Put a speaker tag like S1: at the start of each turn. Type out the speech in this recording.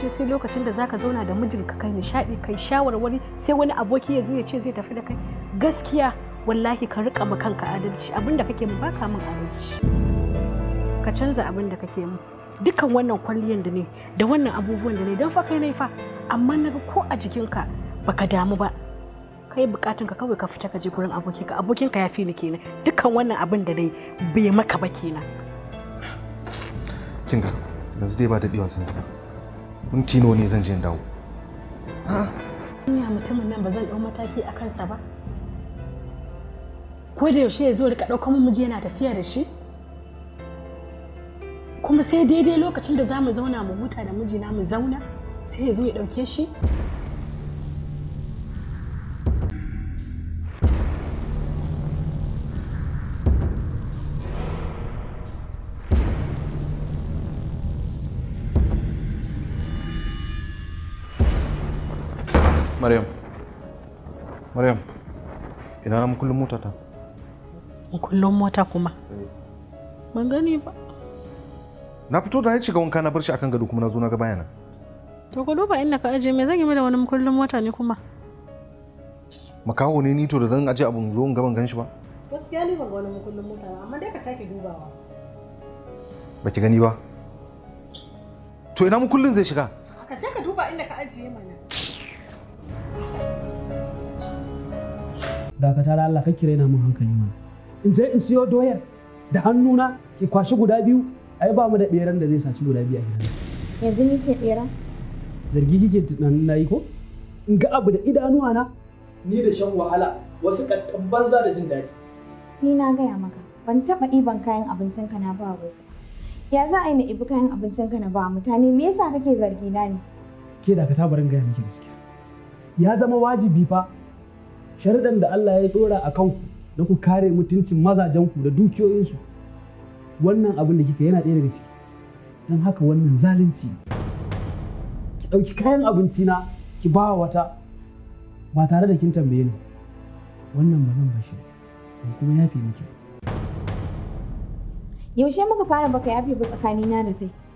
S1: shi sai lokacin da zaka zauna da mijinka kai nishaɗi kai shawarwari sai wani aboki ya zo ya ce zai tafi da kai gaskiya wallahi ka rika ma kanka adalci abinda kake mu baka min adalci ka canza abin da kake mu dukkan wannan kwalliyan da ne da wannan abubuwan da ne don fa kai ne fa amma naga ko a jikinka baka damu ba kai bukatun ka kawai ka fita ka je gurin abokinka abokinka ya fi ni kenan dukkan wannan abin da dai bai maka ba kenan
S2: kinga yanzu dai ba da biyan sun minti nawa ne zan je dawo
S1: ya ah. mutumin nan ba zan ɗau mataki a kansa ba ko da yaushe ya zo rika ɗaukar muji yana tafiya da shi kuma sai daidai lokacin da za mu zauna mu huta da mijina mu zauna sai ya zo ya ɗauke shi
S2: Maryam. Maryam. Ina mukullin mota ta?
S1: Mukullin mota kuma? Ban gani ba.
S2: Na fito da ya shiga wanka na bar shi akan gado kuma na zo na ga bayana.
S1: To ku duba inda ka aje me zan yi da wani mukullin mota ne kuma?
S2: Makaho ni to da zan aje abun zo in gaban ganshi ba?
S1: Gaskiya ni ban ga wani mukullin mota ba amma dai ka sake dubawa.
S2: Baki gani ba? To ina mukullin zai shiga?
S1: Ka je ka duba inda ka ajiye mana.
S3: dakata da Allah kira yana mun hankali mana in je in siyo doyar da hannuna ki kwashi guda biyu ai ba mu da beran da zai saci guda biyu a gidan yanzu ni ce bera zargi kike tunanin nayi ko in ga abu da idanuwa na ni da shan wahala wasu kattan banza da jin daɗi ni na gaya maka ban taɓa iban kayan abincin ka na ba wasu ya za a yi na ibi kayan abincin ka na ba mutane me yasa kake zargi na ne ke da ka tabarin gaya miki gaskiya ya zama wajibi fa sharidan da Allah ya ɗora a kanku na ku kare mutuncin mazajenku da dukiyoyinsu wannan abin da kika yana ɗaya daga ciki don haka wannan zalunci ki ɗauki kayan abinci na ki ba wata ba tare da kin tambaye ni wannan ba zan bashi ba kuma yafe miki yaushe muka fara baka yafe ba tsakanina da kai